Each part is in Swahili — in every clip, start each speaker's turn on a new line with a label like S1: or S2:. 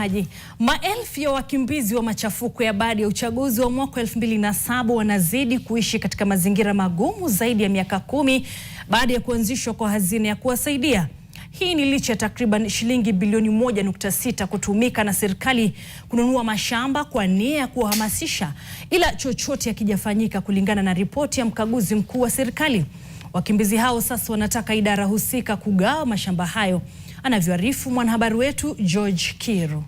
S1: Mtazamaji, maelfu ya wakimbizi wa machafuko ya baada ya uchaguzi wa mwaka saba wanazidi kuishi katika mazingira magumu zaidi ya miaka kumi baada ya kuanzishwa kwa hazina ya kuwasaidia. Hii ni licha ya takriban shilingi bilioni sita kutumika na serikali kununua mashamba kwa nia ya kuwahamasisha, ila chochote hakijafanyika kulingana na ripoti ya mkaguzi mkuu wa serikali. Wakimbizi hao sasa wanataka idara husika kugawa mashamba hayo, anavyoarifu mwanahabari wetu George Kiru.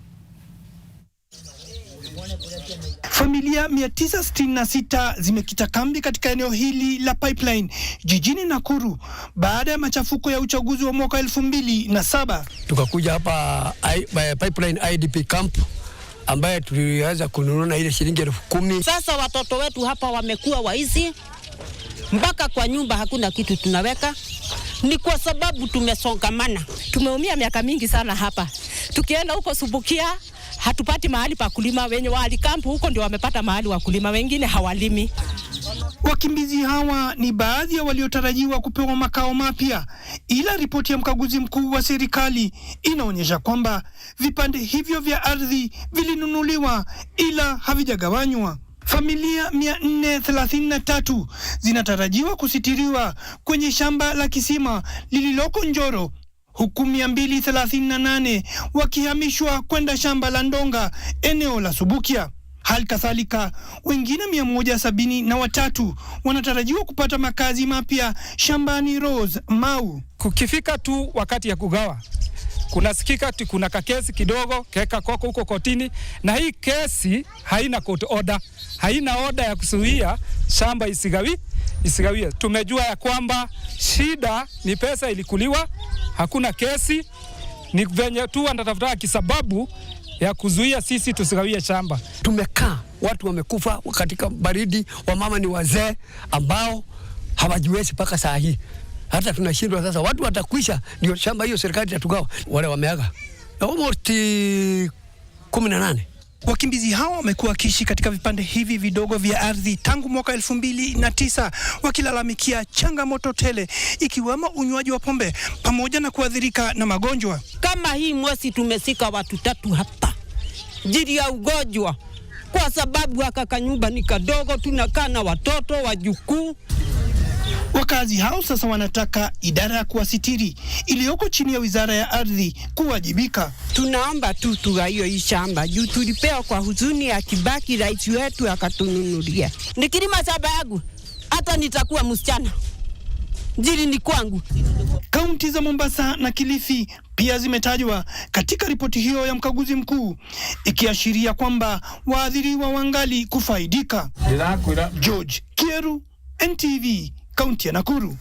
S2: Familia 966 zimekita kambi katika eneo hili la Pipeline jijini Nakuru baada ya machafuko ya uchaguzi wa mwaka 2007.
S3: Tukakuja hapa eh, Pipeline IDP camp ambaye tuliweza kununua ile shilingi elfu kumi.
S4: Sasa watoto wetu hapa wamekuwa waizi, mpaka kwa nyumba hakuna kitu tunaweka. Ni kwa sababu tumesongamana, tumeumia miaka mingi sana hapa, tukienda huko Subukia hatupati mahali pa kulima. Wenye walikampu huko ndio wamepata mahali wa kulima, wengine hawalimi.
S2: Wakimbizi hawa ni baadhi ya waliotarajiwa kupewa makao mapya, ila ripoti ya mkaguzi mkuu wa serikali inaonyesha kwamba vipande hivyo vya ardhi vilinunuliwa ila havijagawanywa. Familia 433 zinatarajiwa kusitiriwa kwenye shamba la kisima lililoko Njoro huku 238 wakihamishwa kwenda shamba la Ndonga eneo la Subukia. Hali kadhalika wengine mia moja sabini na watatu wanatarajiwa kupata makazi mapya shambani Rose Mau.
S5: Kukifika tu wakati ya kugawa, kunasikika tu kuna kakesi kidogo keka koko huko kotini, na hii kesi haina court order, haina oda ya kusuhia shamba isigawi isigawie. Tumejua ya kwamba shida ni pesa ilikuliwa hakuna kesi, ni venye tu anatafuta kisababu ya kuzuia sisi tusigawia shamba.
S6: Tumekaa watu wamekufa katika baridi, wamama ni wazee ambao hawajiwezi mpaka saa hii, hata tunashindwa sasa. Watu watakwisha, ndio shamba hiyo serikali itatugawa. Wale wameaga almost eh, kumi na nane.
S2: Wakimbizi hao wamekuwa wakiishi katika vipande hivi vidogo vya ardhi tangu mwaka elfu mbili na tisa wakilalamikia changamoto tele ikiwemo unywaji wa pombe pamoja na kuathirika na magonjwa.
S4: Kama hii mwezi tumesika watu tatu hapa jiri ya ugonjwa, kwa sababu haka kanyumba ni kadogo, tunakaa na watoto wajukuu.
S2: Wakazi hao sasa wanataka idara ya kuwasitiri iliyoko chini ya wizara ya ardhi kuwajibika.
S7: Tunaomba tu tugaiyo hii shamba juu tulipewa kwa huzuni ya Kibaki, rais wetu akatununulia.
S4: Nikilima shamba yangu hata nitakuwa msichana jili ni kwangu.
S2: Kaunti za Mombasa na Kilifi pia zimetajwa katika ripoti hiyo ya mkaguzi mkuu ikiashiria kwamba waadhiriwa wangali kufaidika. George Kieru, NTV kaunti ya Nakuru.